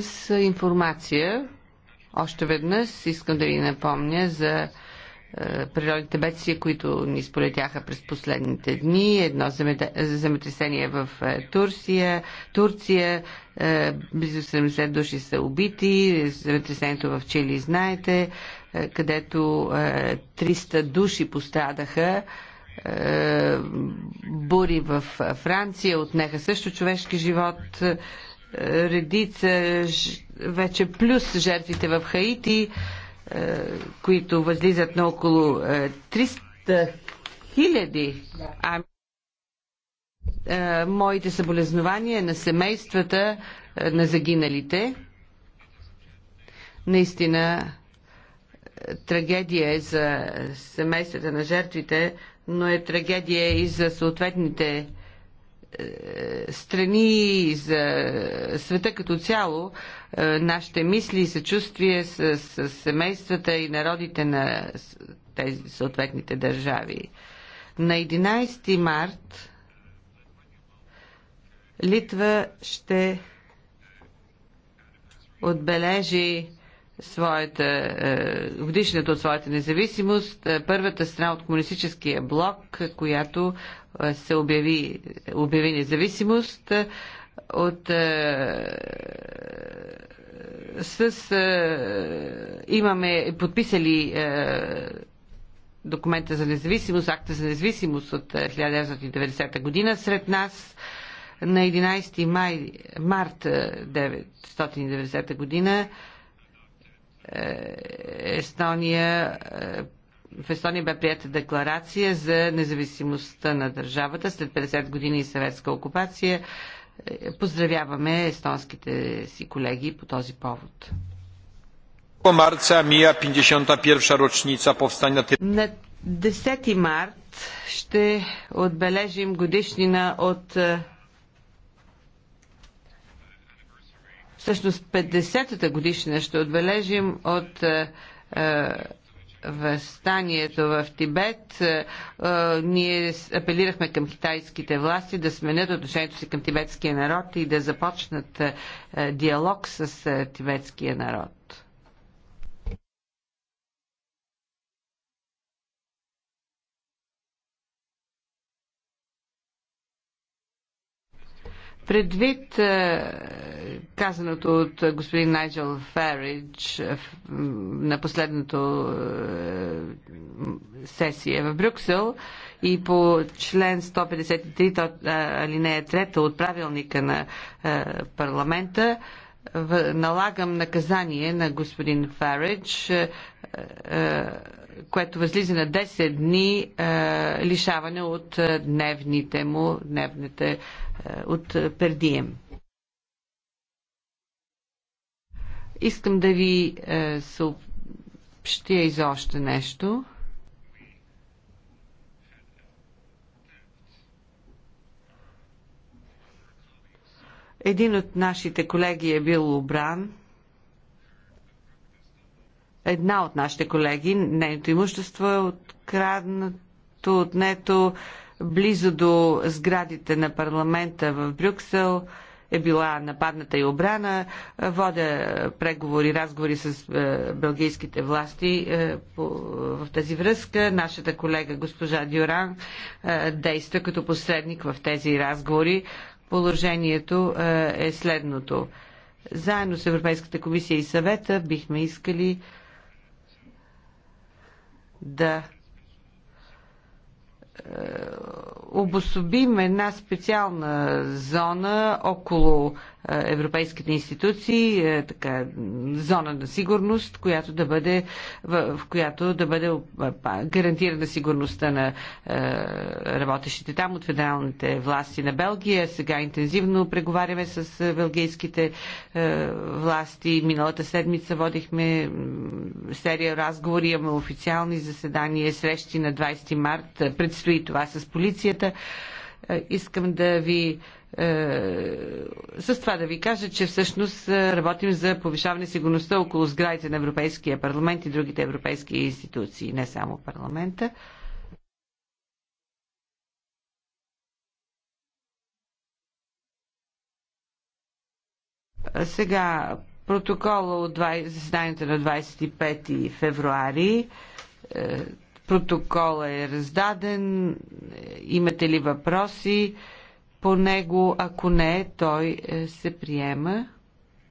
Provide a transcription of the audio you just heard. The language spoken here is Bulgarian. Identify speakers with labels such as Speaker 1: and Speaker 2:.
Speaker 1: с информация. Още веднъж искам да ви напомня за природните бедствия, които ни сполетяха през последните дни. Едно земетресение в Турция, Турция близо 70 души са убити, земетресението в Чили знаете, където 300 души пострадаха бури в Франция, отнеха също човешки живот редица вече плюс жертвите в Хаити, е, които възлизат на около 300 е, хиляди. А е, моите съболезнования на семействата на загиналите. Наистина трагедия е за семействата на жертвите, но е трагедия и за съответните страни, за света като цяло, е, нашите мисли и съчувствие с, с семействата и народите на тези съответните държави. На 11 март Литва ще отбележи своята, е, годишната от своята независимост, е, първата страна от комунистическия блок, която е, се обяви, обяви независимост от с имаме подписали документа за независимост, акта за независимост от 1990 година сред нас на 11 май, март 1990 година е, Естония е, в Естония бе прията декларация за независимостта на държавата след 50 години съветска окупация. Е, поздравяваме естонските си колеги по този повод. Марца мия 51 повстания на 10 март ще отбележим годишнина от Всъщност 50-та годишна ще отбележим от е, е, възстанието в Тибет. Е, ние апелирахме към китайските власти да сменят отношението си към тибетския народ и да започнат диалог с тибетския народ. Предвид е, казаното от господин Найджел Феридж е, на последното е, сесия в Брюксел и по член 153 алинея 3 от правилника на парламента, налагам наказание на господин Фаридж, е, е, което възлиза на 10 дни е, лишаване от дневните му, дневните от пердием. Искам да ви съобщя изобщо още нещо. Един от нашите колеги е бил обран. Една от нашите колеги, нейното имущество е откраднато, отнето близо до сградите на парламента в Брюксел е била нападната и обрана. Водя преговори, разговори с е, белгийските власти е, в тази връзка. Нашата колега госпожа Дюран е, действа като посредник в тези разговори положението е, е следното. Заедно с Европейската комисия и съвета бихме искали да е, обособим една специална зона около е, европейските институции, е, така, зона на сигурност, която да бъде, в, в която да бъде е, гарантирана сигурността на работещите там от федералните власти на Белгия. Сега интензивно преговаряме с белгийските власти. Миналата седмица водихме серия разговори, имаме официални заседания, срещи на 20 март. Предстои това с полицията. Е, искам да ви е, с това да ви кажа, че всъщност е, работим за повишаване сигурността около сградите на Европейския парламент и другите европейски институции, не само парламента. Сега протокола от заседанието на 25 февруари. Протокола е раздаден. Имате ли въпроси по него? Ако не, той е, се приема.